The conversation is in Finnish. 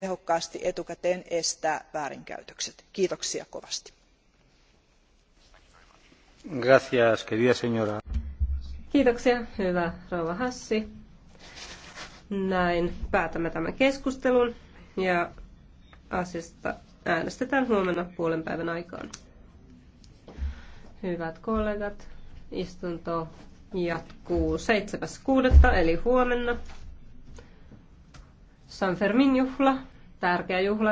tehokkaasti etukäteen estää väärinkäytökset. kiitoksia kovasti. Kiitoksia, hyvä rouva Hassi. Näin päätämme tämän keskustelun ja asiasta äänestetään huomenna puolen päivän aikaan. Hyvät kollegat, istunto jatkuu 7.6. eli huomenna. San Fermin juhla, tärkeä juhla